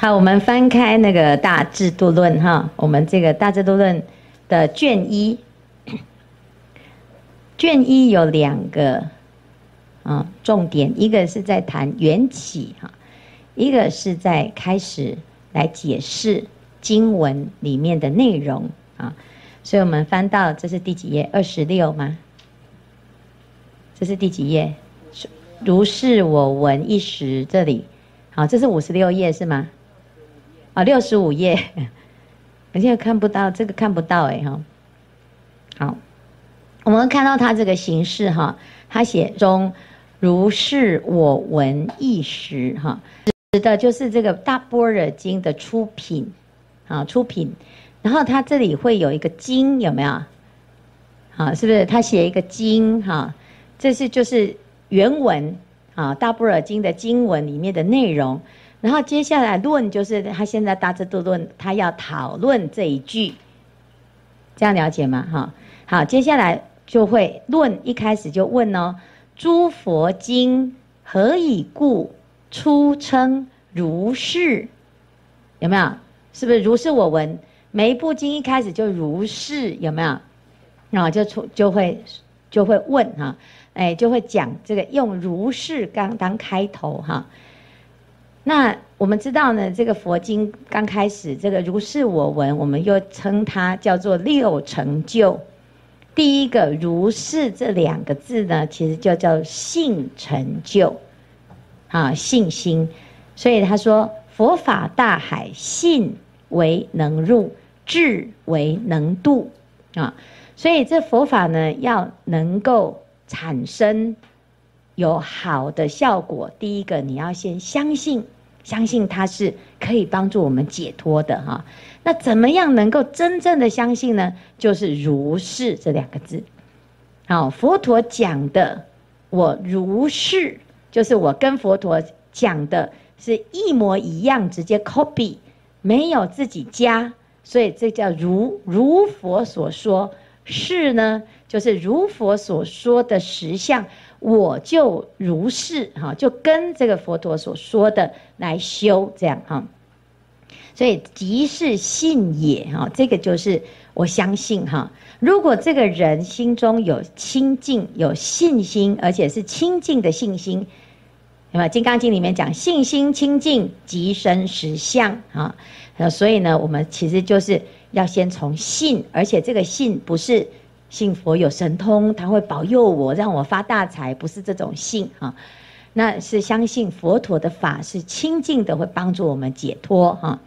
好，我們翻開那個《大智度論》哈，我們這個《大智度論》的卷一，卷一有兩個啊重點，一個是在談緣起哈，一個是在開始來解釋經文裡面的內容啊。所以我們翻到這是第幾頁？二十六嗎？這是第幾頁？如是我聞一時，這裡好，這是五十六頁是嗎？啊，六十五頁，我現在看不到這個看不到哎、欸、哈。好，我們看到它這個形式哈，它寫中如是我聞一時哈，指的就是這個《大般若經》的出品啊，出品。然後它這裡會有一個經有沒有？好，是不是它寫一個經哈？這是就是原文啊，《大般若經》的經文裡面的內容。然後接下來論就是他現在大智度論他要討論這一句，這樣了解嗎？哈，好，接下來就會論一開始就問哦，諸佛經何以故初稱如是，有沒有？是不是如是我聞？每一部經一開始就如是，有沒有？然後就出就會就會問哈、哎，就會講這個用如是剛剛剛開頭哈。那我們知道呢，這個佛經剛開始，這個如是我聞，我們又稱它叫做六成就。第一個如是這兩個字呢，其實就叫信成就，啊，信心。所以他說佛法大海，信為能入，智為能度，啊，所以這佛法呢，要能夠產生有好的效果。第一個，你要先相信，相信它是可以幫助我們解脫的哈。那怎麼樣能夠真正的相信呢？就是“如是”這兩個字。好，佛陀講的，我如是，就是我跟佛陀講的是一模一樣，直接 copy，沒有自己加，所以這叫如，如佛所說。是呢，就是如佛所說的實相。我就如是哈，就跟這個佛陀所說的來修這樣哈，所以即是信也哈，這個就是我相信哈。如果這個人心中有清淨有信心，而且是清淨的信心，那麼《金剛經》裡面講信心清淨即生實相啊。呃，所以呢，我們其實就是要先從信，而且這個信不是。信佛有神通，他會保佑我，讓我發大財，不是這種信哈，那是相信佛陀的法是清淨的，會幫助我們解脫哈。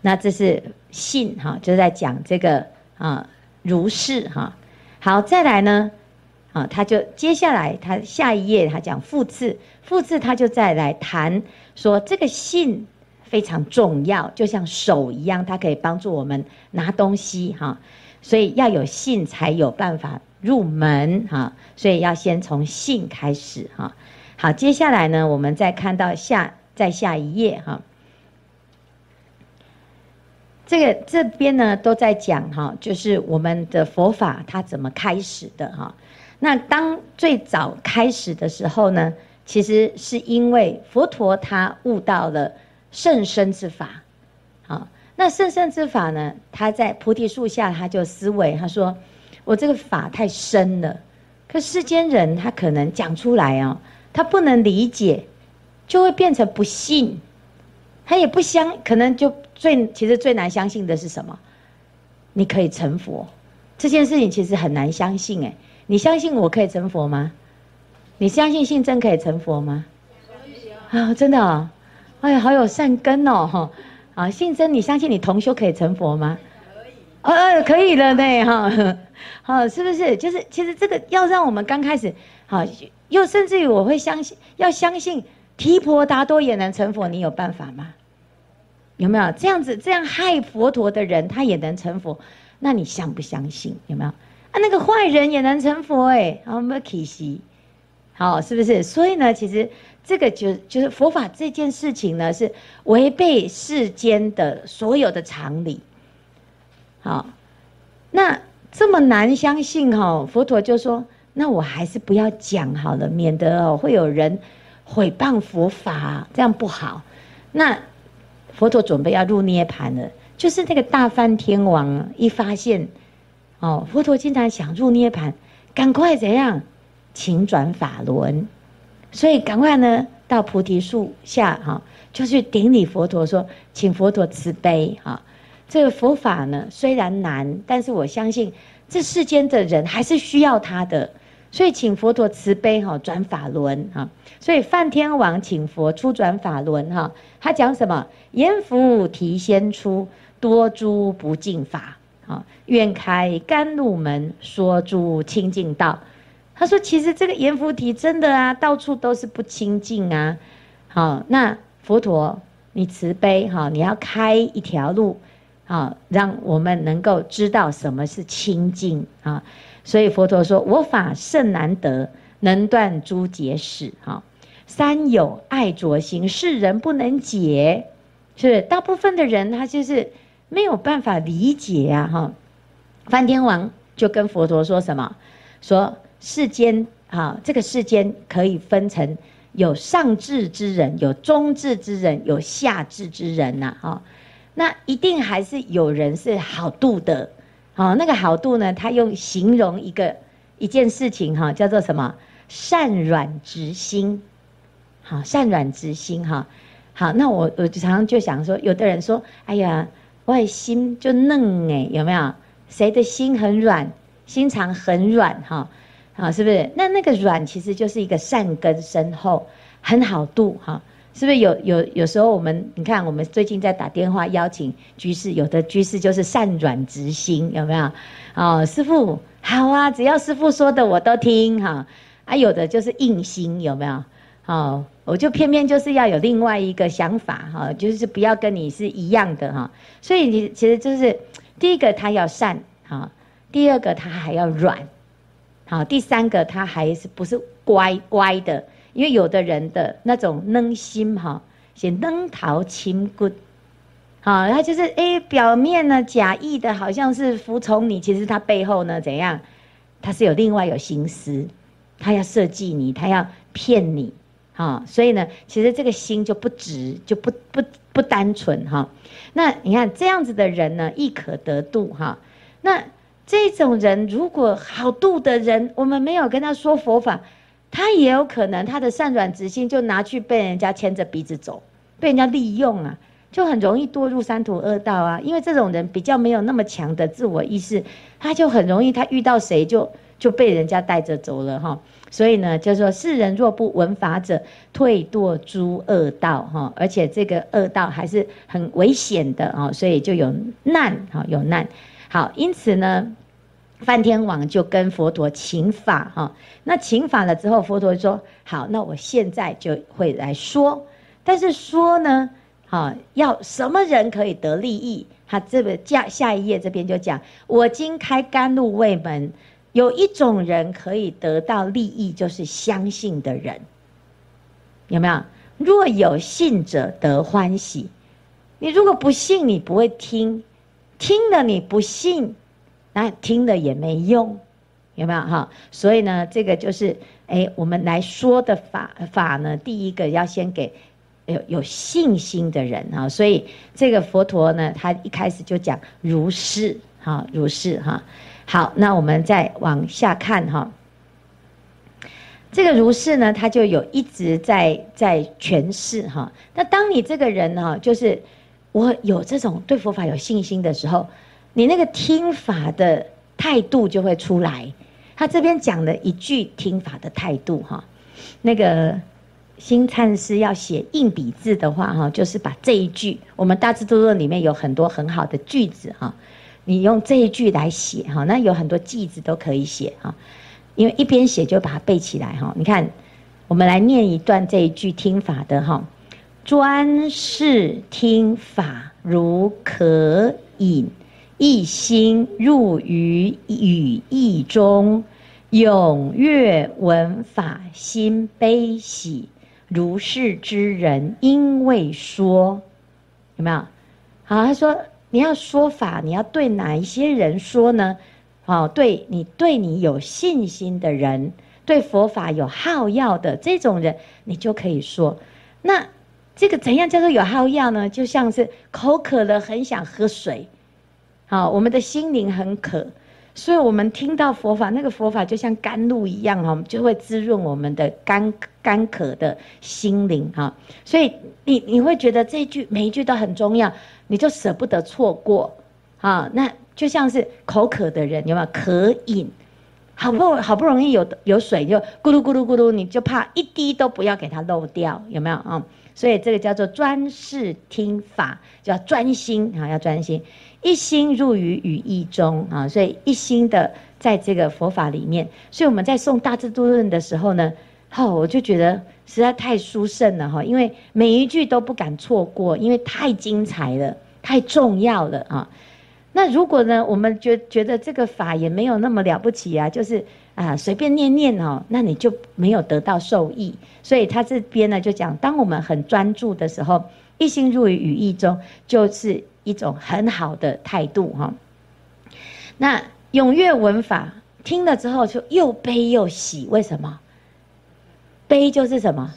那這是信哈，就在講這個啊，如是哈。好，再來呢啊，他就接下來他下一頁他講復次，復次他就再來談說這個信非常重要，就像手一樣，它可以幫助我們拿東西哈。所以要有信，才有辦法入門哈。所以要先從信開始哈。好，接下來呢，我們再看到下，在下一頁哈。這個這邊呢，都在講哈，就是我們的佛法它怎麼開始的哈。那當最早開始的時候呢，其實是因為佛陀他悟到了甚深之法，啊。那甚深之法呢？他在菩提樹下，他就思維，他說：“我這個法太深了，可世間人他可能講出來哦，他不能理解，就會變成不信。他也不相，可能就最其實最難相信的是什麼？你可以成佛，這件事情其實很難相信，欸，哎，你相信我可以成佛嗎？你相信信真可以成佛嗎？啊、哦，真的啊、哦！哎呀，好有善根哦！哈。啊，信真，你相信你同修可以成佛嗎？可以，呃呃、哦，可以了，以了對哈，好對、哦，是不是？就是其實這個要讓我們剛開始，好，又甚至於我會相信，要相信提婆達多也能成佛，你有辦法嗎？有沒有這樣子？這樣害佛陀的人，他也能成佛？那你相不相信？有沒有啊？那個壞人也能成佛？哎，好，沒關係，好，是不是？所以呢，其實。這個就就是佛法這件事情呢，是違背世間的所有的常理。好，那這麼難相信哈、哦，佛陀就說：“那我還是不要講好了，免得、哦、會有人毀謗佛法，這樣不好。”那佛陀準備要入涅槃了，就是那個大梵天王一發現，哦，佛陀經常想入涅槃，趕快怎樣，請轉法輪。所以趕快呢，到菩提樹下哈，就去頂禮佛陀，說，請佛陀慈悲哈。這個佛法呢，雖然難，但是我相信這世間的人還是需要它的，所以請佛陀慈悲哈，轉法輪哈。所以梵天王請佛初轉法輪哈，他講什麼？閻浮提先出多諸不淨法，啊，願開甘露門，說諸清淨道。他說：“其實這個閻浮提真的啊，到處都是不清淨啊。好，那佛陀，你慈悲哈，你要開一條路，好，讓我們能夠知道什麼是清淨啊。所以佛陀說：‘我法甚難得，能斷諸結使。」哈，三有愛着心，是人不能解，是大部分的人他就是沒有辦法理解啊。哈，梵天王就跟佛陀說什麼？說。世間，哈、哦，這個世間可以分成有上智之人，有中智之人，有下智之人吶、啊，哈、哦。那一定還是有人是好度的，好、哦，那個好度呢？他用形容一個一件事情，哈、哦，叫做什麼？善軟之心，好、哦，善軟之心，哈、哦。好，那我我常常就想說，有的人說，哎呀，我心就嫩誒，有沒有？誰的心很軟，心腸很軟，哈、哦？啊，是不是？那那個軟其實就是一個善根深厚，很好度哈。是不是有有有時候我們你看，我們最近在打電話邀請居士，有的居士就是善軟執心，有沒有？啊、哦，師父好啊，只要師父說的我都聽哈。啊，有的就是硬心，有沒有？哦，我就偏偏就是要有另外一個想法哈，就是不要跟你是一樣的哈。所以你其實就是第一個他要善哈，第二個他還要軟。好，第三個他還是不是乖乖的？因為有的人的那種能心哈，是能淘清骨，好，他就是哎、欸，表面呢假意的好像是服從你，其實他背後呢怎樣？他是有另外有心思，他要設計你，他要騙你，哈，所以呢，其實這個心就不直，就不不不單純哈。那你看這樣子的人呢，亦可得度哈。那。這種人如果好度的人，我們沒有跟他說佛法，他也有可能他的善軟之心就拿去被人家牽着鼻子走，被人家利用啊，就很容易墮入三途惡道啊。因為這種人比較沒有那麼強的自我意識，他就很容易他遇到誰就就被人家帶着走了哈。所以呢，就是說世人若不聞法者，退墮諸惡道哈。而且這個惡道還是很危險的哦，所以就有難哈，有難。好，因此呢。梵天王就跟佛陀請法哈，那請法了之後，佛陀說：“好，那我現在就會來說，但是說呢，好，要什麼人可以得利益？他這個下下一頁這邊就講：我今開甘露味門，有一種人可以得到利益，就是相信的人。有沒有？若有信者得歡喜。你如果不信，你不會聽；聽了你不信。那聽了也沒用，有沒有哈？所以呢，這個就是，誒、欸，我們來說的法法呢，第一個要先給有有信心的人哈。所以這個佛陀呢，他一開始就講如是哈，如是哈。好，那我們再往下看哈。這個如是呢，他就有一直在在詮釋哈。那當你這個人呢，就是我有這種對佛法有信心的時候。你那個聽法的態度就會出來。他這邊講了一句聽法的態度哈，那個新燦師要寫硬筆字的話哈，就是把這一句，我們大智度論裡面有很多很好的句子哈，你用這一句來寫哈，那有很多句子都可以寫哈，因為一邊寫就把它背起來哈。你看，我們來念一段這一句聽法的哈，專視聽法如渴飲，一心入於語義中，踴躍聞法，心悲喜。如是之人應為，應為說有沒有？好，他說你要說法，你要對哪一些人說呢？哦，對你對你有信心的人，對佛法有好樂的這種人，你就可以說。那這個怎樣叫做有好樂呢？就像是口渴了，很想喝水。啊，我們的心靈很渴，所以我們聽到佛法，那個佛法就像甘露一樣哈、喔，就會滋潤我們的干乾渴的心靈、喔、所以你你會覺得這一句每一句都很重要，你就舍不得錯過啊。那就像是口渴的人有沒有渴飲，好不好不容易有有水就咕嚕咕嚕咕嚕，你就怕一滴都不要給它漏掉，有沒有啊、嗯？所以這個叫做專視聽法，叫專心啊，要專心。一心入於語義中啊，所以一心的在這個佛法裡面，所以我們在誦《大智度論》的時候呢、喔，我就覺得實在太殊勝了哈，因為每一句都不敢錯過，因為太精彩了，太重要了啊。那如果呢，我們覺覺得這個法也沒有那麼了不起啊，就是啊隨便念念哦、喔，那你就沒有得到受益。所以他這邊呢就講，當我們很專注的時候，一心入於語義中，就是。一種很好的態度哈、哦。那踴躍聞法聽了之後就又悲又喜，為什麼？悲就是什麼？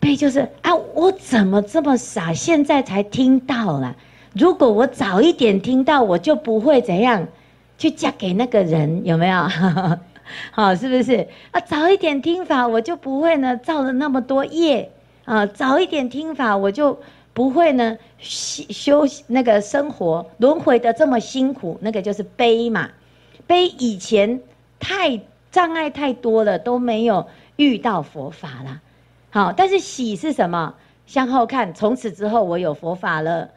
悲就是啊，我怎麼這麼傻，現在才聽到了？如果我早一點聽到，我就不會怎樣去嫁給那個人，有沒有呵呵？好，是不是？啊，早一點聽法，我就不會呢造了那麼多業啊。早一點聽法，我就。不會呢，修那個生活輪迴的這麼辛苦，那個就是悲嘛，悲以前太障礙太多了，都沒有遇到佛法了。好，但是喜是什麼？向後看，從此之後我有佛法了，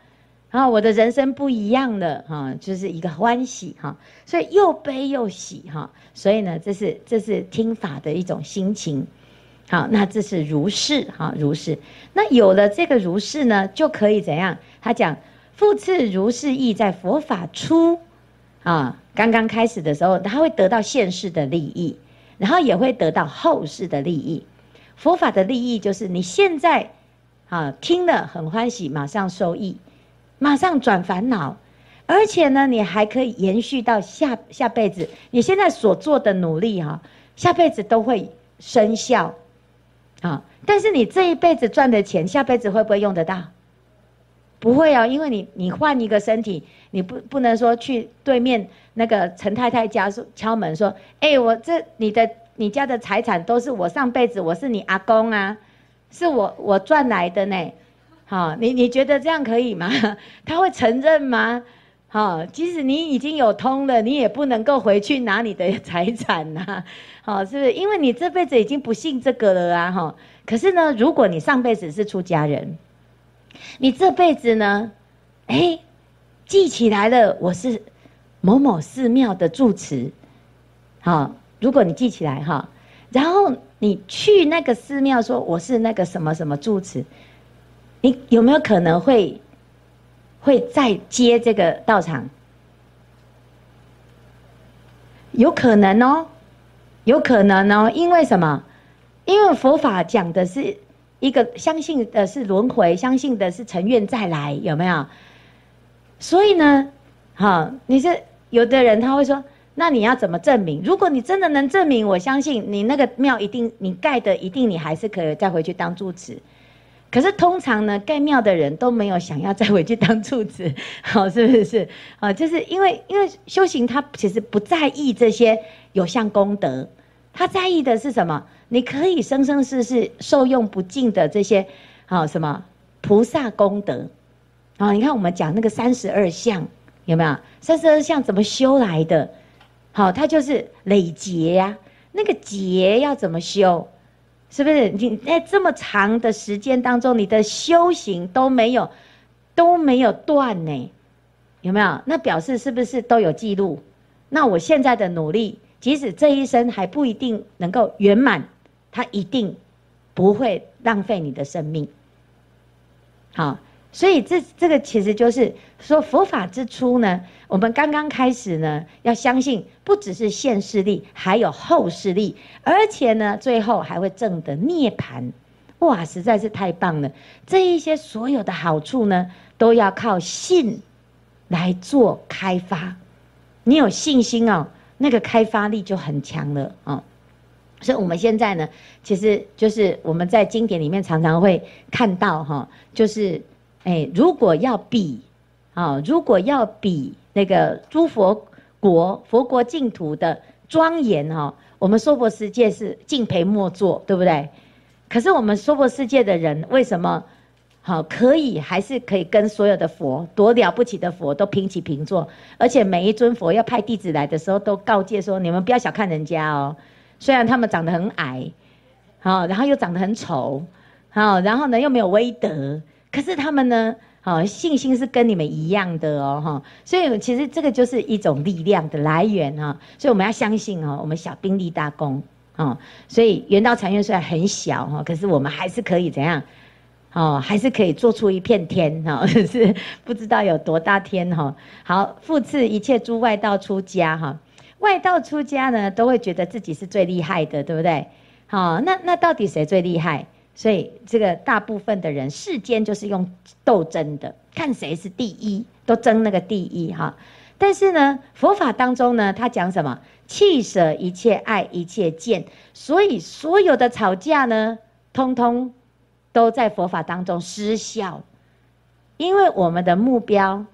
然後我的人生不一樣了，哈、哦，就是一個歡喜哈、哦。所以又悲又喜哈、哦，所以呢，這是這是聽法的一種心情。好，那這是如是哈，如是，那有了這個如是呢，就可以怎樣？他講，復次如是義，在佛法初，啊，剛剛開始的時候，他會得到現世的利益，然後也會得到後世的利益。佛法的利益就是你現在啊聽了很歡喜，馬上受益，馬上轉煩惱，而且呢，你還可以延續到下下輩子。你現在所做的努力哈，下輩子都會生效。啊！但是你這一輩子賺的錢，下輩子會不會用得到？不會哦，因為你你換一個身體，你不不能說去對面那個陳太太家敲門說：“哎，我這你的你家的財產都是我上輩子我是你阿公啊，是我我賺來的呢。”好，你你覺得這樣可以嗎？他會承認嗎？好，即使你已經有通了，你也不能夠回去拿你的財產吶，好，是不是？因為你這輩子已經不信這個了啊，哈。可是呢，如果你上輩子是出家人，你這輩子呢，哎，記起來了，我是某某寺廟的住持，好，如果你記起來哈，然後你去那個寺廟說我是那個什麼什麼住持，你有沒有可能會？會再接這個道場，有可能哦，有可能哦，因為什麼？因為佛法講的是一個相信的是輪回，相信的是乘願再來，有沒有？所以呢，哈、哦，你是有的人他會說，那你要怎麼證明？如果你真的能證明，我相信你那個廟一定，你蓋的一定，你還是可以再回去當住持。可是通常呢，蓋廟的人都沒有想要再回去當住持。好，是不是？是？啊，就是因為因為修行他其實不在意這些有相功德，他在意的是什麼？你可以生生世世受用不盡的這些，好什麼菩薩功德？啊，你看我們講那個三十二相有沒有？三十二相怎麼修來的？好，它就是累劫呀、啊。那個劫要怎麼修？是不是你在這麼長的時間當中，你的修行都沒有都沒有斷呢、欸？有沒有？那表示是不是都有記錄？那我現在的努力，即使這一生還不一定能夠圓滿，它一定不會浪費你的生命。好。所以這這個其實就是說佛法之初呢，我們剛剛開始呢，要相信不只是現世利，還有後世利，而且呢，最後還會證得涅槃，哇，實在是太棒了！這一些所有的好處呢，都要靠信來做開發，你有信心哦，那個開發力就很強了哦。所以我們現在呢，其實就是我們在經典裡面常常會看到哈、哦，就是。哎、欸，如果要比，啊、哦，如果要比那個諸佛國佛國淨土的莊嚴啊，我們娑婆世界是敬陪末座，對不對？可是我們娑婆世界的人為什麼好、哦、可以還是可以跟所有的佛多了不起的佛都平起平坐？而且每一尊佛要派弟子來的時候，都告誡說：你們不要小看人家哦，雖然他們長得很矮，好、哦，然後又長得很醜，好、哦，然後呢又沒有威德。可是他們呢、哦？信心是跟你們一樣的哦，哈、哦。所以其實這個就是一種力量的來源啊、哦。所以我們要相信哦，我們小兵立大功哦。所以圓道禪院雖然很小哈、哦，可是我們還是可以怎樣？哦，還是可以做出一片天哦，是不知道有多大天哈、哦。好，復次，一切諸外道出家哈、哦，外道出家呢都會覺得自己是最厲害的，對不對？好、哦，那那到底誰最厲害？所以，這個大部分的人世間就是用鬥爭的，看誰是第一，都爭那個第一哈。但是呢，佛法當中呢，他講什麼？棄捨一切愛，一切見。所以，所有的吵架呢，通通都在佛法當中失效。因為我們的目標，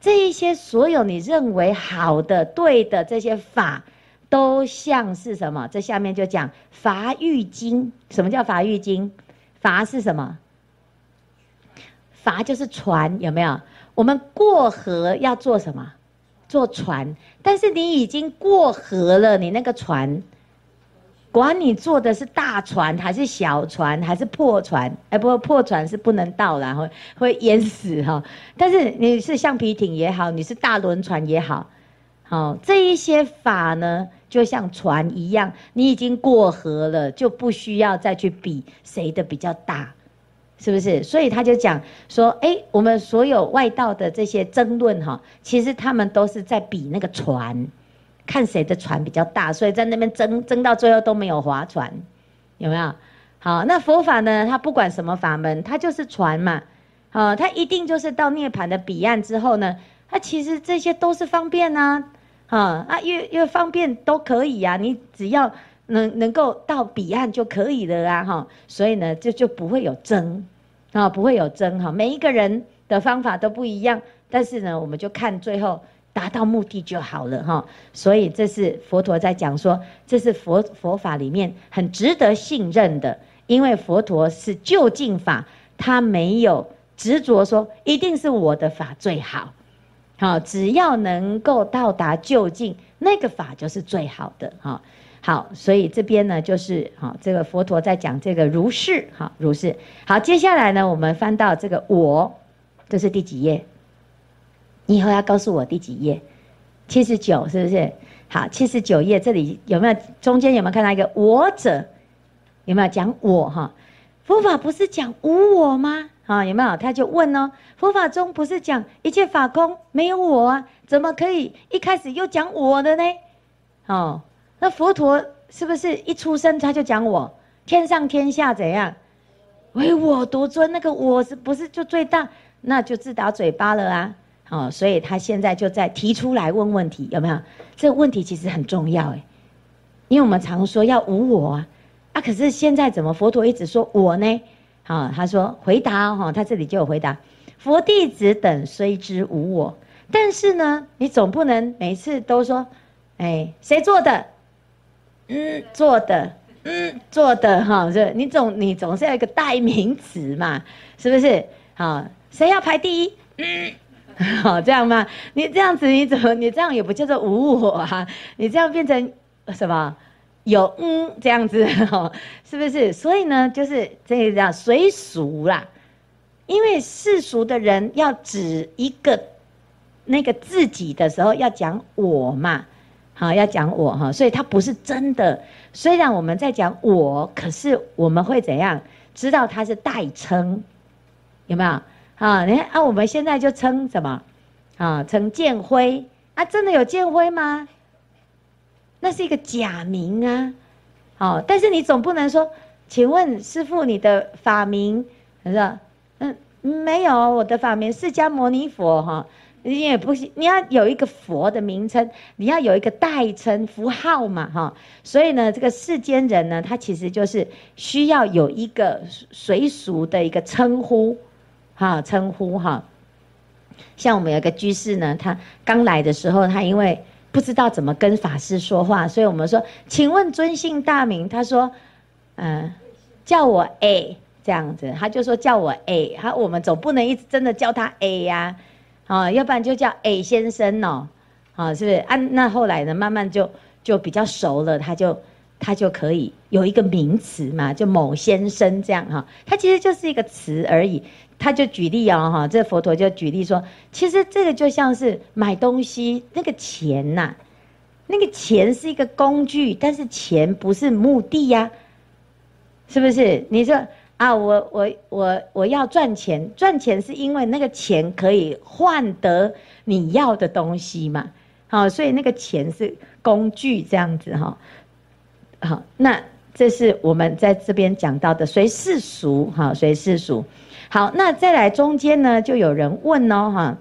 這一些所有你認為好的、對的這些法。都像是什麼？這下面就講筏喻經。什麼叫筏喻經？法是什麼？法就是船，有沒有？我們過河要坐什麼？坐船。但是你已經過河了，你那個船，管你坐的是大船還是小船，還是破船？哎、欸，不過，破船是不能到，然後會淹死哈、喔。但是你是橡皮艇也好，你是大輪船也好，好、喔、這一些法呢？就像船一樣，你已經過河了，就不需要再去比誰的比較大，是不是？所以他就講說，哎、欸，我們所有外道的這些爭論哈，其實他們都是在比那個船，看誰的船比較大，所以在那邊爭爭到最後都沒有划船，有沒有？好，那佛法呢？他不管什麼法門，他就是船嘛，啊、哦，他一定就是到涅槃的彼岸之後呢，它其實這些都是方便呢、啊。哈、哦，啊，因為因為方便都可以啊，你只要能能夠到彼岸就可以了啦、啊，哈、哦，所以呢就就不會有爭，啊、哦，不會有爭哈、哦，每一個人的方法都不一樣，但是呢，我們就看最後達到目的就好了哈、哦，所以這是佛陀在講說，這是佛佛法裡面很值得信任的，因為佛陀是究竟法，他沒有執着說一定是我的法最好。好，只要能夠到達究竟，那個法就是最好的。哈，好，所以這邊呢，就是哈，這個佛陀在講這個如是。好，如是。好，接下來呢，我們翻到這個我，這、就是第幾頁？你以後要告訴我第幾頁？七十九，是不是？好，七十九頁，這裡有沒有？中間有沒有看到一個我者？有沒有講我？哈，佛法不是講無我嗎？啊、哦，有沒有？他就問哦，佛法中不是講一切法空，沒有我啊？怎麼可以一開始又講我的呢？哦，那佛陀是不是一出生他就講我，天上天下怎樣，唯我獨尊？那個我是不是就最大？那就自打嘴巴了啊！好、哦，所以他現在就在提出來問問題，有沒有？這個問題其實很重要哎，因為我們常說要無我啊，啊，可是現在怎麼佛陀一直說我呢？啊，他說回答哦，他這裡就有回答，佛弟子等雖知無我，但是呢，你總不能每次都說，哎、欸，誰做的？嗯，做的，嗯，做的哈，這、哦、你總你總是要一個代名詞嘛，是不是？好，誰要排第一？嗯，好這樣嗎？你這樣子你怎麼你這樣也不叫做無我啊？你這樣變成什麼？有嗯這樣子呵呵，是不是？所以呢，就是、就是、這個隨俗啦。因為世俗的人要指一個那個自己的時候，要講我嘛，好、哦、要講我哈、哦。所以他不是真的。雖然我們在講我，可是我們會怎樣知道他是代稱？有沒有？好、哦，你看啊，我們現在就稱什麼？啊、哦，稱見輝。啊，真的有見輝嗎？那是一個假名啊，哦，但是你總不能說，請問師父，你的法名是嗯，沒有我的法名，釋迦牟尼佛哈、哦，你也不行，你要有一個佛的名稱，你要有一個代稱符號嘛哈、哦。所以呢，這個世間人呢，他其實就是需要有一個隨俗的一個稱呼，哈、哦，稱呼哈、哦。像我們有一個居士呢，他剛來的時候，他因為。不知道怎麼跟法師說話，所以我們說，請問尊姓大名？他說，嗯、呃，叫我 A 這樣子，他就說叫我 A 他。他我們總不能一直真的叫他 A 呀、啊，啊、哦，要不然就叫 A 先生哦，哦，是不是？啊，那後來呢，慢慢就就比較熟了，他就他就可以有一個名詞嘛，就某先生這樣哈，他、哦，其實就是一個詞而已。他就舉例啊、哦，這佛陀就舉例說，其實這個就像是買東西，那個錢吶、啊，那個錢是一個工具，但是錢不是目的呀、啊，是不是？你說啊，我我我我要賺錢，賺錢是因為那個錢可以換得你要的東西嘛，好，所以那個錢是工具，這樣子哈。好，那這是我們在這邊講到的，隨世俗，哈，隨世俗。好，那再來中間呢，就有人問哦，哈，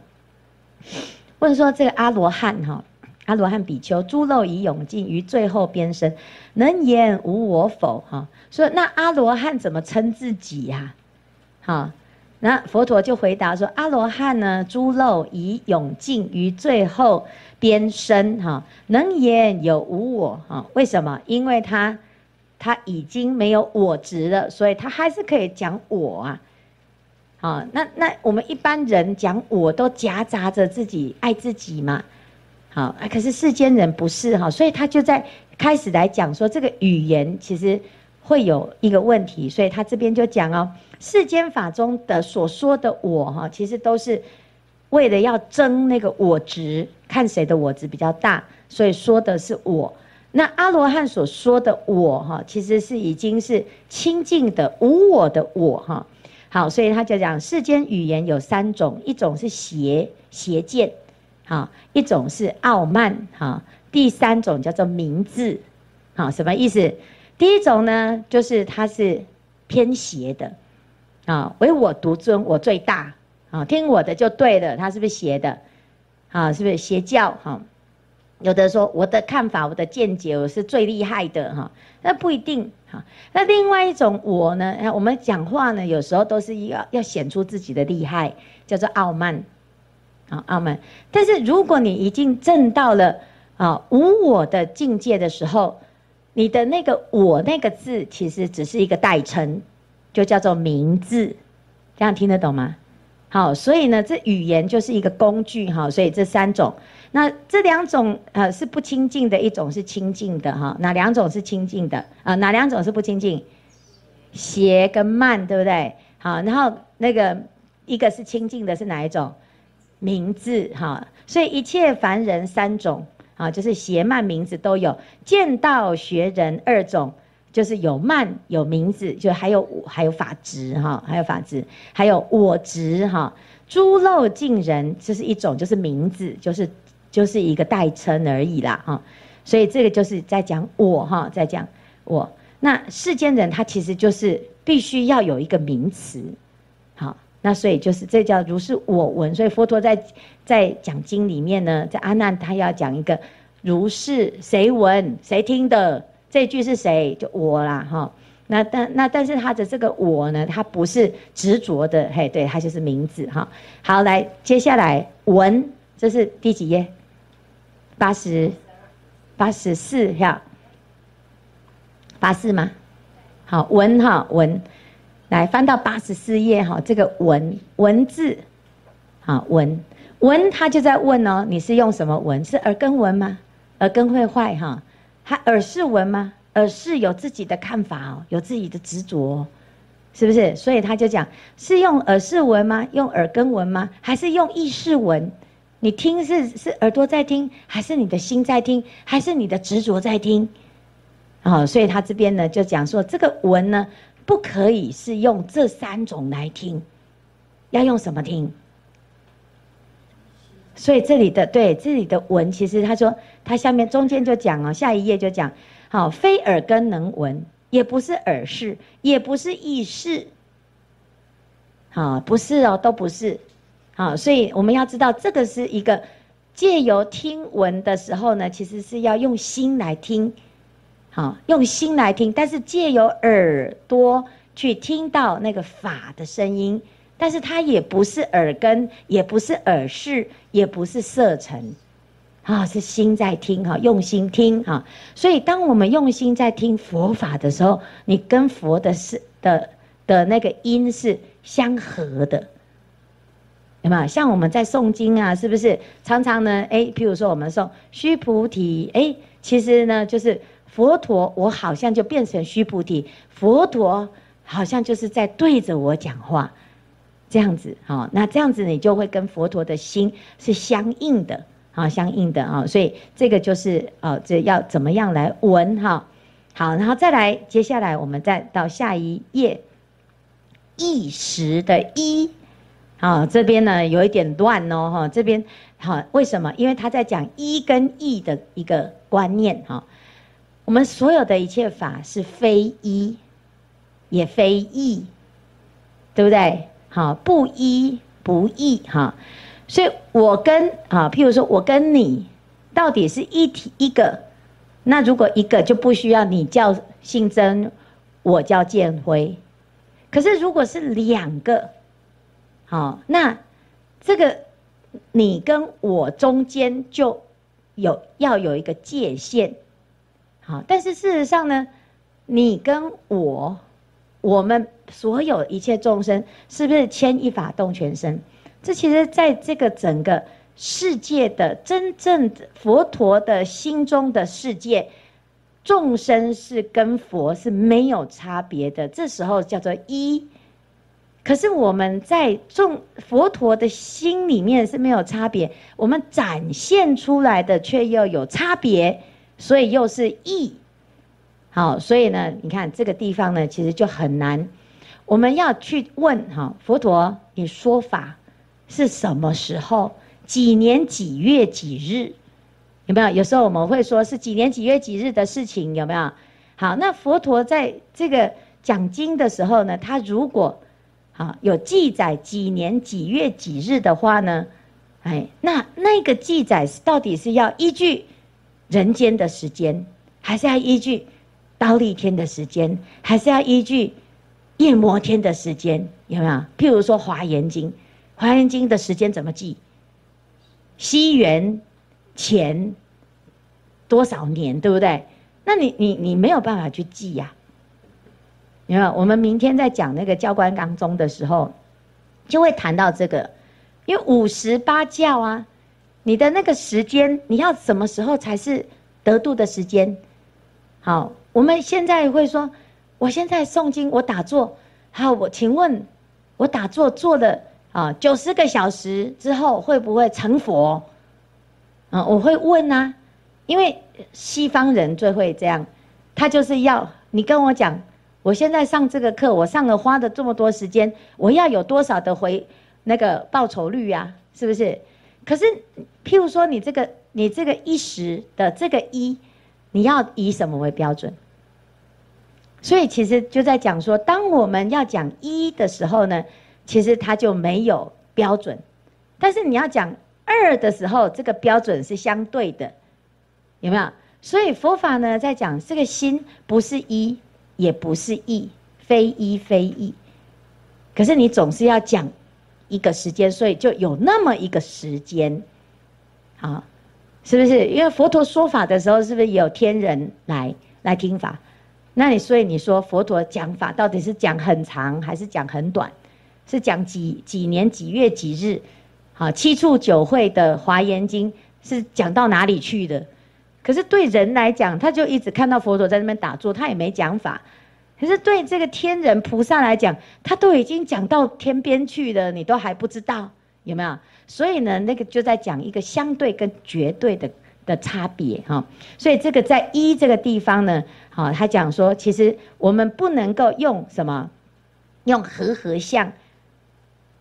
問說這個阿羅漢哈，阿羅漢比丘，諸漏已永盡於最後邊身，能言無我否？哈，說那阿羅漢怎麼稱自己呀？哈，那佛陀就回答說，阿羅漢呢，諸漏已永盡於最後邊身，哈，能言有無我？哈，為什麼？因為他他已經沒有我執了，所以他還是可以講我啊。啊、哦，那那我們一般人講，我都夾雜着自己愛自己嘛。好、哦，啊，可是世間人不是哈，哦，所以他就在開始來講說，這個語言其實會有一個問題，所以他這邊就講哦，世間法中的所說的我哈，哦，其實都是為了要爭那個我執，看誰的我執比較大，所以說的是我。那阿羅漢所說的我哈，哦，其實是已經是清淨的無我的我哈。哦好，所以他就講世間語言有三種，一種是邪邪見，一種是傲慢，哈，第三種叫做名字，好，什麼意思？第一種呢，就是他是偏邪的，啊，唯我獨尊，我最大，啊，聽我的就對了，他是不是邪的？啊，是不是邪教？哈。有的說我的看法，我的見解，我是最厲害的，哈，哦，那不一定哈，哦。那另外一種我呢，我們講話呢，有時候都是要要顯出自己的厲害，叫做傲慢，啊、哦、傲慢。但是如果你已經證到了啊、哦、無我的境界的時候，你的那個我那個字其實只是一個代稱，就叫做名字，這樣聽得懂嗎？好，哦，所以呢，這語言就是一個工具哈，哦，所以這三種。那這兩種呃是不清淨的，一種是清淨的哈，哪兩種是清淨的啊？哪兩種是不清淨？邪跟慢，對不對？好，然後那個一個是清淨的是哪一種？名字哈，所以一切凡人三種啊，就是邪、慢、名字都有。見道學人二種，就是有慢有名字，就還有還有法執哈，還有法執，還有我執哈。諸漏盡人，這，就是一種，就是名字，就是。就是一個代稱而已啦，哈，所以這個就是在講我哈，在講我。那世間人他其實就是必須要有一個名詞，好，那所以就是這叫如是我聞。所以佛陀在在講經裡面呢，在阿難他要講一個如是誰聞誰聽的這一句是誰就我啦，哈。那但那但是他的這個我呢，他不是執着的，嘿，對，他就是名字哈。好，來接下來聞這是第幾頁？八十，八十四票，八四嗎？好，聞哈聞，來翻到八十四頁哈，這個聞聞字，好聞聞，聞他就在問哦，你是用什麼聞？是耳根聞嗎？耳根會壞哈、哦，他耳識聞嗎？耳識有自己的看法哦，有自己的執着、哦，是不是？所以他就講，是用耳識聞嗎？用耳根聞嗎？還是用意識聞？你聽是是耳朵在聽，還是你的心在聽，還是你的執着在聽？啊、哦，所以他這邊呢就講說，這個聞呢不可以是用這三種來聽，要用什麼聽？所以這裡的，對，這裡的聞，其實他說他下面中間就講哦，下一頁就講，好、哦，非耳根能聞，也不是耳識，也不是意識，好、哦，不是哦，都不是。好，所以我們要知道，這個是一個借由聽聞的時候呢，其實是要用心來聽，好，用心來聽，但是借由耳朵去聽到那個法的聲音，但是它也不是耳根，也不是耳識，也不是色塵，啊，是心在聽，哈，用心聽，哈，所以當我們用心在聽佛法的時候，你跟佛的是的的那個音是相合的。有沒有像我們在誦經啊？是不是常常呢？哎、欸，譬如說我們誦須菩提，哎、欸，其實呢就是佛陀，我好像就變成須菩提，佛陀好像就是在對着我講話，這樣子，喔。好，那這樣子你就會跟佛陀的心是相應的啊，喔，相應的啊，喔。所以這個就是哦，喔，這要怎麼樣來聞哈，喔？好，然後再來，接下來我們再到下一頁，一時的一。啊、喔，這邊呢有一點亂哦，哈，這邊好、喔，為什麼？因為他在講一跟異的一個觀念，哈、喔，我們所有的一切法是非一，也非異，對不對？好，不一不異哈、喔，所以我跟啊、喔，譬如說我跟你，到底是一體一個，那如果一個就不需要你叫姓真，我叫見輝，可是如果是兩個。好，那這個你跟我中間就有要有一個界限，好。但是事實上呢，你跟我，我們所有一切眾生，是不是牽一髮動全身？這其實在這個整個世界的真正的佛陀的心中的世界，眾生是跟佛是沒有差別的。這時候叫做一。可是我們在眾佛陀的心裡面是沒有差別，我們展現出來的卻又有差別，所以又是異。好，所以呢，你看這個地方呢，其實就很難。我們要去問哈、哦、佛陀，你說法是什麼時候？幾年幾月幾日？有沒有？有時候我們會說是幾年幾月幾日的事情，有沒有？好，那佛陀在這個講經的時候呢，他如果啊，有記載幾年幾月幾日的話呢？哎，那那個記載是到底是要依據人間的時間，還是要依據忉利天的時間，還是要依據夜摩天的時間？有沒有？譬如說《華嚴經》，《華嚴經》的時間怎麼記？西元前多少年，對不對？那你你你沒有辦法去記呀、啊。你看，我們明天在講那個教觀綱宗的時候，就會談到這個，因為五十八教啊，你的那個時間，你要什麼時候才是得度的時間？好，我們現在會說，我現在誦經，我打坐，好，我請問，我打坐坐了啊九十個小時之後，會不會成佛？啊，我會問啊，因為西方人最會這樣，他就是要你跟我講。我現在上這個課，我上了花了這麼多時間，我要有多少的回那個報酬率呀、啊？是不是？可是，譬如說你這個你這個一時的這個一，你要以什麼為標準？所以其實就在講說，當我們要講一的時候呢，其實它就沒有標準；但是你要講二的時候，這個標準是相對的，有沒有？所以佛法呢，在講這個心不是一。也不是意，非一非異，可是你總是要講一個時間，所以就有那麼一個時間，啊，是不是？因為佛陀說法的時候，是不是也有天人來來聽法？那你所以你說佛陀講法到底是講很長還是講很短？是講幾幾年幾月幾日？好，七處九會的華嚴經是講到哪裡去的？可是對人來講，他就一直看到佛陀在那邊打坐，他也沒講法。可是對這個天人菩薩來講，他都已經講到天邊去了，你都還不知道有沒有？所以呢，那個就在講一個相對跟絕對的的差別哈、哦。所以這個在一這個地方呢，好、哦，他講說，其實我們不能夠用什麼，用和合相。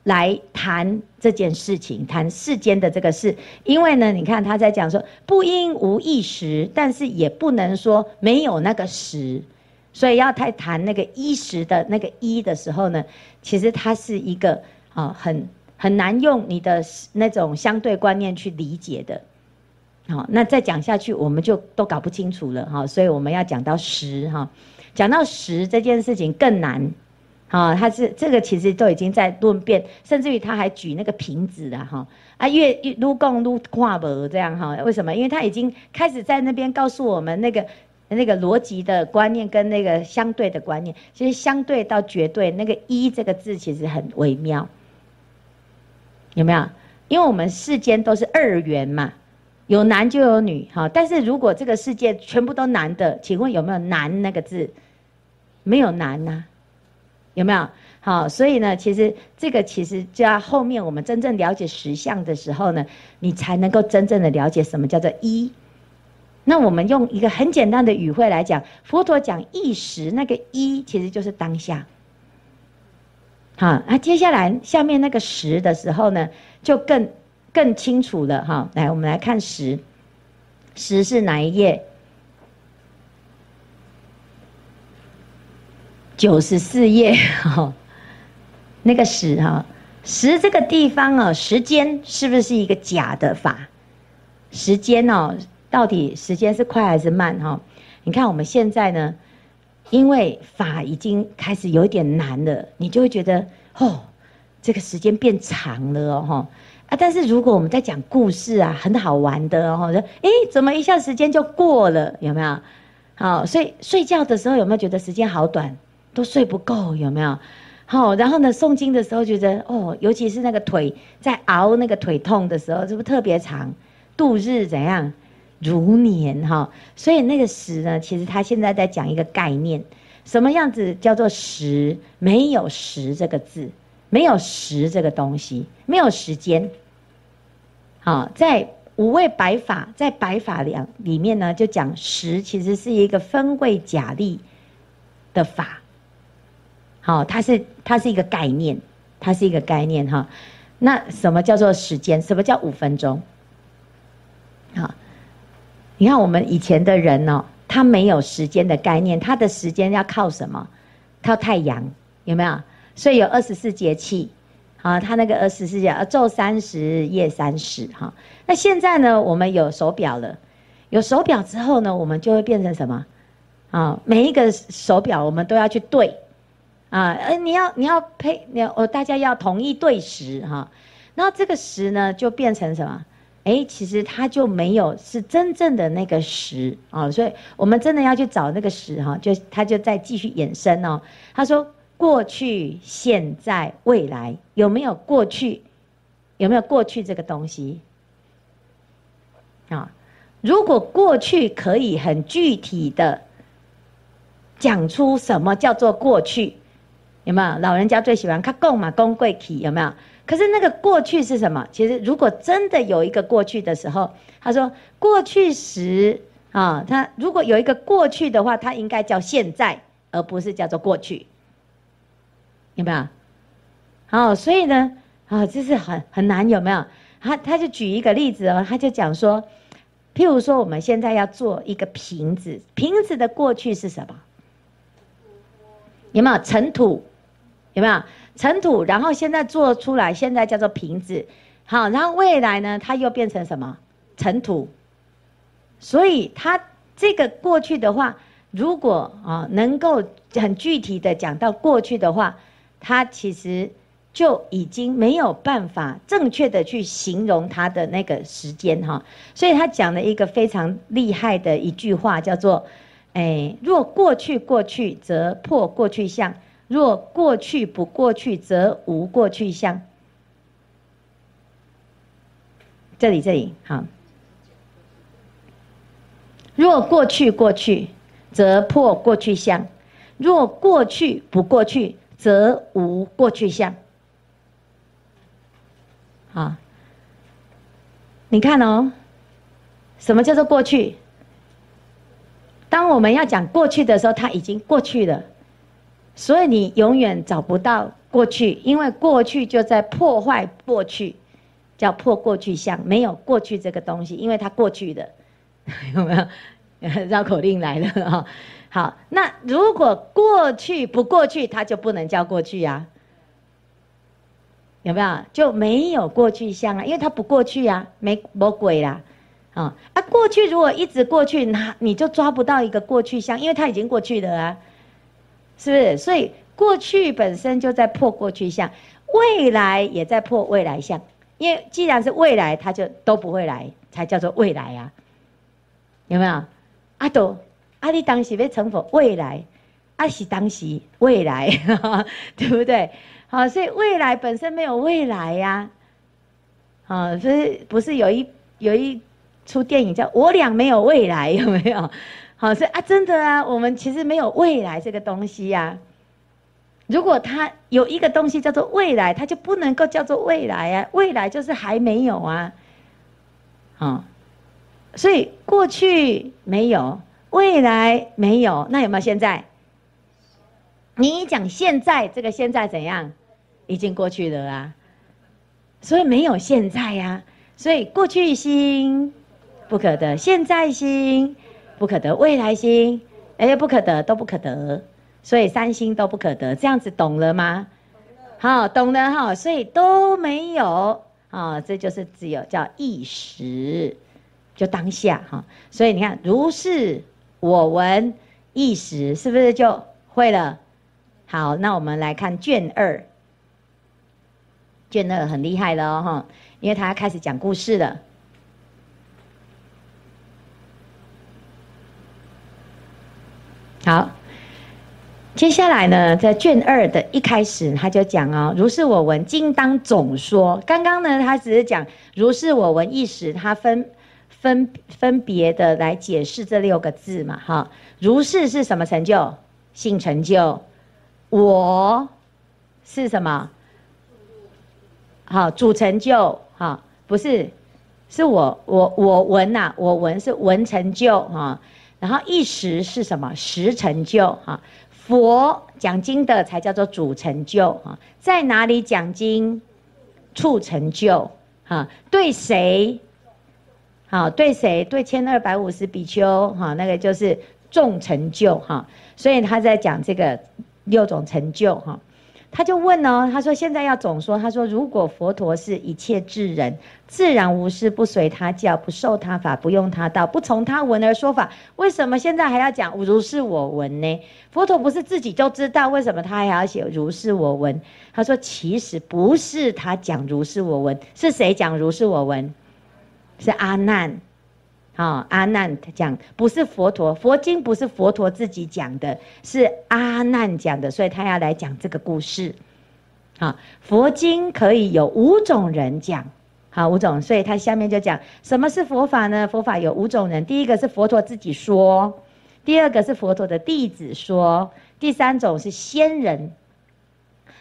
來談這件事情，談世間的這個事，因為呢，你看他在講說不應無一時，但是也不能說沒有那個時，所以要太談那個一時的那個一的時候呢，其實它是一個啊、哦、很很難用你的那種相對觀念去理解的，好、哦，那再講下去我們就都搞不清楚了哈、哦，所以我們要講到時哈、哦，講到時這件事情更難。好，他、哦、是這個其實都已經在論辯，甚至於他還舉那個瓶子了哈啊、越，越越路共路跨無這樣哈？為什麼？因為他已經開始在那邊告訴我們那個那個邏輯的觀念跟那個相對的觀念，其實相對到絕對，那個一這個字其實很微妙，有沒有？因為我們世間都是二元嘛，有男就有女哈、哦，但是如果這個世界全部都男的，請問有沒有男那個字？沒有男吶、啊。有沒有好、哦？所以呢，其實這個其實就要後面我們真正了解實相的時候呢，你才能夠真正的了解什麼叫做一。那我們用一個很簡單的語彙來講，佛陀講一時，那個一其實就是當下。好、啊，那接下來下面那個時的時候呢，就更更清楚了哈、哦。來，我們來看時，時是哪一頁？九十四頁，哈，那個時哈時這個地方哦，時間是不是一個假的法？時間哦，到底時間是快還是慢？哈，你看我們現在呢，因為法已經開始有點難了，你就會覺得哦，這個時間變長了哦，啊。但是如果我們在講故事啊，很好玩的，哈，誒，怎麼一下時間就過了？有沒有？好，所以睡覺的時候有沒有覺得時間好短？都睡不夠，有沒有？好、哦，然後呢？誦經的時候覺得哦，尤其是那個腿在熬那個腿痛的時候，是不是特別長？度日怎樣如年哈、哦？所以那個時呢，其實他現在在講一個概念，什麼樣子叫做時？沒有時這個字，沒有時這個東西，沒有時間。好、哦，在五位百法在百法論裡面呢，就講時其實是一個分位假立的法。好，它是它是一個概念，它是一個概念哈。那什麼叫做時間？什麼叫五分鐘？好，你看我們以前的人哦，他沒有時間的概念，他的時間要靠什麼？靠太陽，有沒有？所以有二十四節氣啊，他那個二十四節，啊，晝三十，夜三十哈。那現在呢，我們有手表了，有手表之後呢，我們就會變成什麼？啊，每一個手表我們都要去對。啊，呃、欸，你要你要配你要哦，大家要統一對時哈，那、哦、這個時呢就變成什麼？哎、欸，其實它就沒有是真正的那個時啊、哦，所以我們真的要去找那個時哈、哦，就它就再繼續衍生哦。他說過去、現在、未來，有沒有過去？有沒有過去這個東西？啊、哦，如果過去可以很具體的講出什麼叫做過去？有沒有老人家最喜歡看貢嘛？貢貴體有沒有？可是那個過去是什麼？其實如果真的有一個過去的時候，他說過去時啊，他、哦、如果有一個過去的話，他應該叫現在，而不是叫做過去。有沒有？好、哦，所以呢，啊、哦，這是很很難，有沒有？他他就舉一個例子啊、喔，他就講說，譬如說我們現在要做一個瓶子，瓶子的過去是什麼？有沒有塵土？有沒有塵土？然後現在做出來，現在叫做瓶子。好，然後未來呢？它又變成什麼塵土？所以它這個過去的話，如果啊能夠很具體的講到過去的話，它其實就已經沒有辦法正確的去形容它的那個時間哈。所以他講了一個非常厲害的一句話，叫做：誒、欸，若過去過去，則破過去相。若過去不過去，則無過去相。這裡，這裡，好。若過去過去，則破過去相；若過去不過去，則無過去相。好，你看哦、喔，什麼叫做過去？當我們要講過去的時候，它已經過去了。所以你永遠找不到過去，因為過去就在破壞過去，叫破過去相，沒有過去這個東西，因為它過去的，有沒有繞口令來了、喔、好，那如果過去不過去，它就不能叫過去呀、啊？有沒有就沒有過去相啊？因為它不過去呀、啊，沒魔鬼啦，啊，過去如果一直過去，那你就抓不到一個過去相，因為它已經過去了啊。是不是？所以過去本身就在破過去相，未來也在破未來相。因為既然是未來，它就都不會來，才叫做未來啊。有沒有？阿、啊、多，阿力、啊、當時沒成佛，未來，阿、啊、喜當時未來，呵呵，對不對？好，所以未來本身沒有未來呀。啊，所以不是有一有一出電影叫《我倆沒有未來》有沒有？好，所以啊，真的啊，我們其實沒有未來這個東西呀、啊。如果它有一個東西叫做未來，它就不能夠叫做未來啊。未來就是還沒有啊。啊、哦，所以過去沒有，未來沒有，那有沒有現在？你講現在這個現在怎樣？已經過去了啊，所以沒有現在呀、啊。所以過去心不可得，現在心。不可得，未來心，哎、欸，不可得，都不可得，所以三心都不可得，這樣子懂了嗎？好、哦，懂了哈，所以都沒有啊、哦，這就是只有叫一時，就當下哈，所以你看如是我聞一時是不是就會了？好，那我們來看卷二，卷二很厲害了哦哈，因為他要開始講故事了。好，接下來呢，在卷二的一開始，他就講哦，如是我聞，今當總說。剛剛呢，他只是講如是我聞一時，他分分分別的來解釋這六個字嘛，哈、哦。如是是什麼成就？信成就。我是什麼？好、哦，主成就。哈、哦，不是，是我，我，我聞吶、啊，我聞是聞成就哈。哦然後一時是什麼？時成就哈。佛講經的才叫做主成就哈，在哪裡講經？處成就哈。對誰好？對誰，對千二百五十比丘哈。那個就是眾成就哈。所以他在講這個六種成就哈。他就問哦、喔，他說現在要總說，他說，如果佛陀是一切智人，自然無事不隨他教，不受他法，不用他道，不從他聞而說法，為什麼現在還要講如是我聞呢？佛陀不是自己就知道，為什麼他還要寫如是我聞？他說其實不是他講如是我聞，是誰講如是我聞？是阿難。好、哦，阿難他講不是佛陀，佛經不是佛陀自己講的，是阿難講的，所以他要來講這個故事。好、哦，佛經可以有五種人講，好五種，所以他下面就講什麼是佛法呢？佛法有五種人，第一個是佛陀自己說，第二個是佛陀的弟子說，第三種是仙人。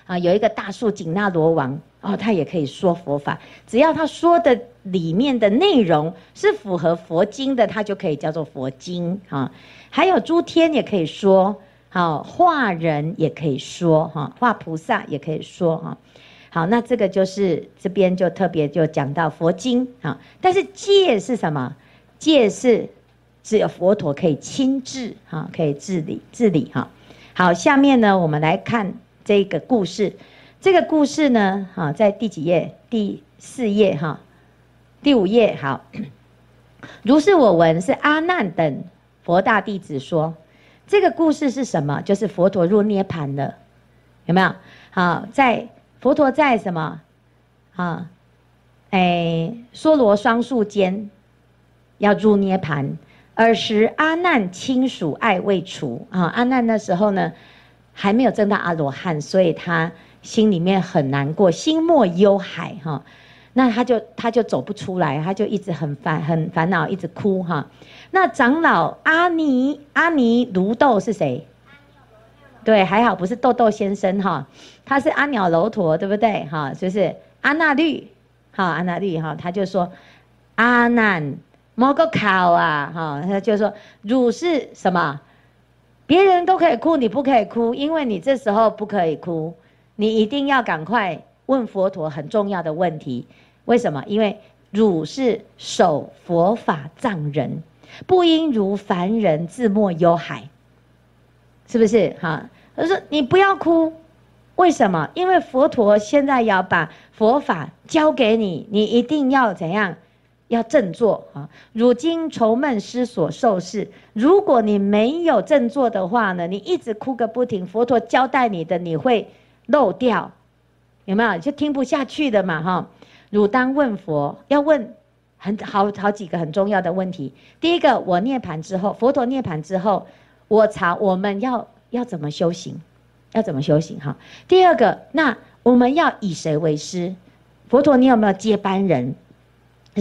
啊，有一個大樹緊那羅王哦，他也可以說佛法，只要他說的裡面的內容是符合佛經的，他就可以叫做佛經哈、哦，還有諸天也可以說，好、哦、化人也可以說哈、哦，化菩薩也可以說哈、哦哦。好，那這個就是這邊就特別就講到佛經啊、哦。但是戒是什麼？戒是只有佛陀可以親自哈，可以治理治理哈、哦。好，下面呢，我們來看。這個故事，這個故事呢，在第幾頁？第四頁哈，第五頁好。如是我聞，是阿難等佛大弟子說。這個故事是什麼？就是佛陀入涅槃了，有沒有？好，在佛陀在什麼？啊，哎，娑羅雙樹間要入涅槃。爾時阿難親屬愛未除啊，阿難那時候呢？還沒有證到阿羅漢，所以他心裡面很難過，心莫憂海哈，那他就他就走不出來，他就一直很煩很煩惱，一直哭哈。那長老阿尼阿尼盧豆是誰？鴨鴨鴨鴨鴨對，還好不是豆豆先生哈，他是阿鳥樓陀對不對哈？就是阿那律哈，阿那律哈，他就說阿難摩訶考啊哈，他就說汝是什麼？別人都可以哭，你不可以哭，因為你這時候不可以哭，你一定要趕快問佛陀很重要的問題。為什麼？因為汝是守佛法藏人，不應如凡人自沒憂海。是不是哈、啊？他說你不要哭，為什麼？因為佛陀現在要把佛法交給你，你一定要怎樣？要振作啊！汝今愁悶失所受事，如果你沒有振作的話呢，你一直哭個不停。佛陀交代你的，你會漏掉，有沒有？就聽不下去的嘛，哈！汝當問佛，要問很好好幾個很重要的問題。第一個，我涅槃之後，佛陀涅槃之後，我查我們要要怎麼修行，要怎麼修行哈？第二個，那我們要以誰為師？佛陀，你有沒有接班人？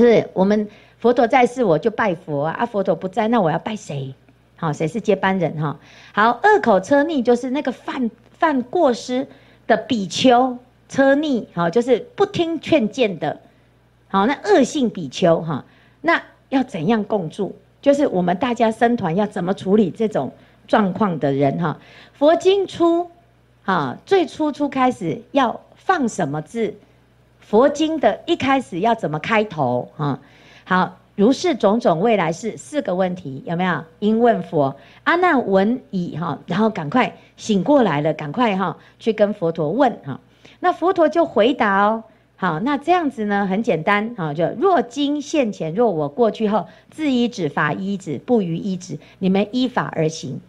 是我們佛陀在世，我就拜佛啊！啊佛陀不在，那我要拜誰？好，誰是接班人？哈，好，惡口車匿就是那個犯犯過失的比丘車匿，好，就是不聽勸諫的，好，那惡性比丘哈，那要怎樣共住？就是我們大家僧團要怎麼處理這種狀況的人哈？佛經初啊，最初初開始要放什麼字？佛經的一開始要怎麼開頭啊？好，如是種種未來是四個問題有沒有？應問佛。阿難聞已哈，然後趕快醒過來了，趕快哈去跟佛陀問哈。那佛陀就回答哦，好，那這樣子呢，很簡單啊，就若今現前，若我過去後，自依止，法依止，不餘依止，你們依法而行，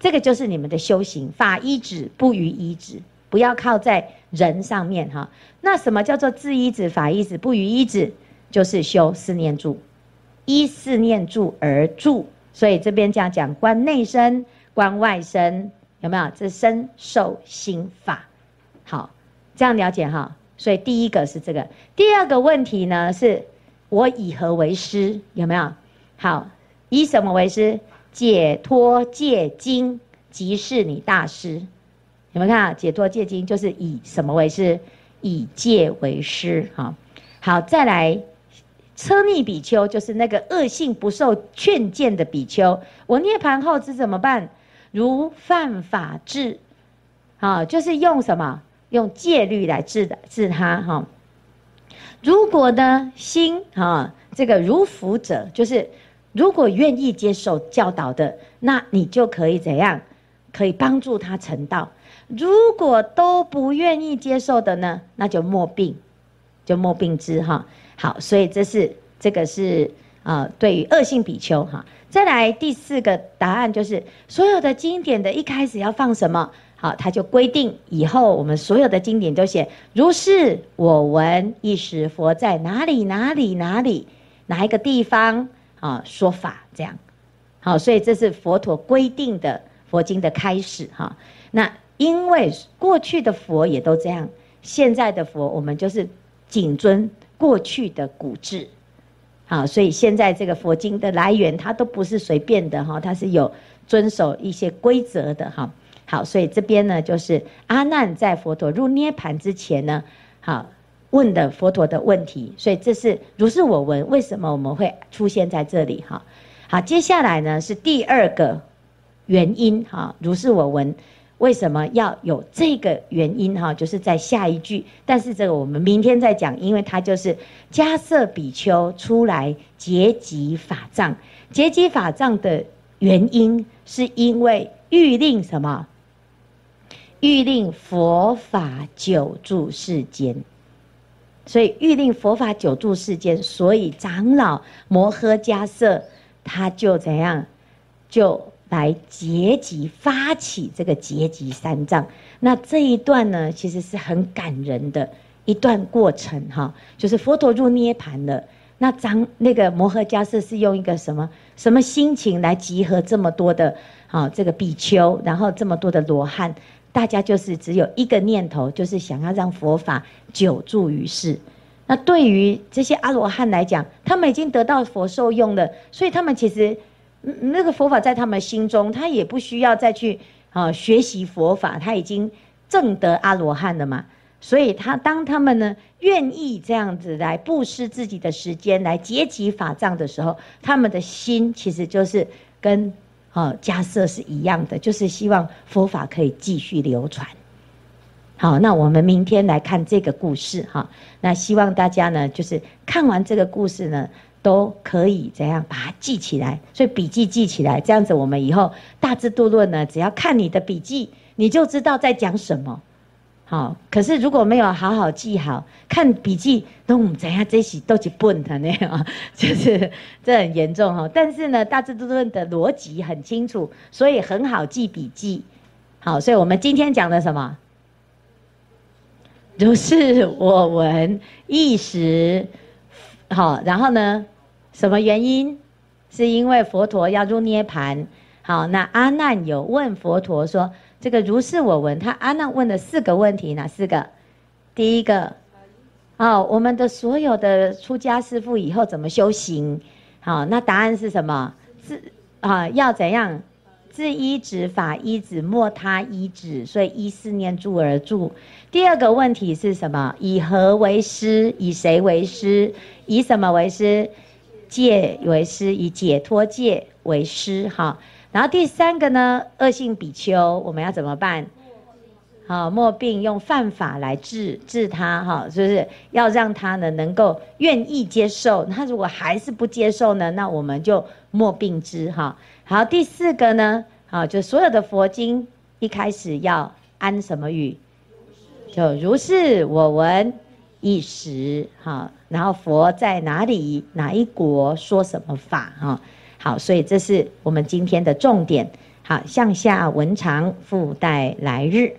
這個就是你們的修行。法依止，不餘依止。不要靠在人上面哈。那什麼叫做自依止，法依止，不於依止，就是修四念住，依四念住而住。所以這邊這樣講，觀內身、觀外身，有沒有？這身受心法，好，這樣了解哈。所以第一個是這個。第二個問題呢，是我以何為師？有沒有？好，以什麼為師？解脫戒經，即是你大師。你們看啊，《解脫戒經》就是以什麼為師？以戒為師。哈，好，再來，車匿比丘就是那個惡性不受勸諫的比丘。我涅槃後之怎麼辦？如犯法治。好，就是用什麼？用戒律來治的治他。哈，如果呢心哈，這個如服者，就是如果願意接受教導的，那你就可以怎樣？可以幫助他成道。如果都不願意接受的呢，那就莫病，就莫病之哈。好，所以這是這個是啊、呃，對於惡性比丘哈、哦。再來第四個答案就是，所有的經典的一開始要放什麼？好，他就規定以後我們所有的經典都寫如是我聞一時佛在哪裡哪裡哪裡哪裡哪一個地方啊、哦、說法這樣。好，所以這是佛陀規定的佛經的開始哈、哦。那。因為過去的佛也都這樣，現在的佛我們就是謹遵過去的古制，好，所以現在這個佛經的來源它都不是隨便的哈，它是有遵守一些規則的哈。好，所以這邊呢就是阿難在佛陀入涅槃之前呢，好問的佛陀的問題，所以這是如是我聞。為什麼我們會出現在這裡？哈，好，接下來呢是第二個原因哈，如是我聞。為什麼要有這個原因？哈，就是在下一句。但是這個我們明天再講，因為它就是迦葉比丘出來結集法藏。結集法藏的原因是因為欲令什麼？欲令佛法久住世間。所以欲令佛法久住世間，所以長老摩訶迦葉他就怎樣？就。來結集發起這個結集三藏，那這一段呢，其實是很感人的一段過程哈。就是佛陀入涅槃了，那張那個摩訶迦葉，是用一個什麼什麼心情來集合這麼多的啊這個比丘，然後這麼多的羅漢，大家就是只有一個念頭，就是想要讓佛法久住於世。那對於這些阿羅漢來講，他們已經得到佛受用了，所以他們其實。那個佛法在他們心中，他也不需要再去啊學習佛法，他已經證得阿羅漢了嘛。所以他，他當他們呢願意這樣子來布施自己的時間來結集法藏的時候，他們的心其實就是跟啊迦葉是一樣的，就是希望佛法可以繼續流傳。好，那我們明天來看這個故事哈、喔。那希望大家呢，就是看完這個故事呢。都可以這樣把它，啊，記起來，所以筆記記起來，這樣子我們以後大智度論呢，只要看你的筆記，你就知道在講什麼。好，哦，可是如果沒有好好記好，看筆記都等樣這些都去崩他呢啊，哦，就是這很嚴重哈，哦。但是呢，大智度論的邏輯很清楚，所以很好記筆記。好，哦，所以我們今天講的什麼？如是，就是我聞，一時好，然後呢？什麼原因？是因為佛陀要入涅槃。好，那阿難有問佛陀說：“這個如是我聞。”他阿難問了四個問題，哪四個？第一個，哦，我們的所有的出家師父以後怎麼修行？好，那答案是什麼？自啊要怎樣？自依止法依止莫他依止，所以依四念住而住。第二個問題是什麼？以何為師？以誰為師？以什麼為師？戒為師，以解脫戒為師哈。然後第三個呢，惡性比丘，我們要怎麼辦？好，默擯用犯法來治治他哈，就是不是？要讓他呢能夠願意接受。他如果還是不接受呢，那我們就默擯之哈。好，第四個呢，好，就所有的佛經一開始要安什麼語？就如是我聞一時哈。然後佛在哪裡，哪一國說什麼法啊？好，所以這是我們今天的重點。好，向下文長，復待來日。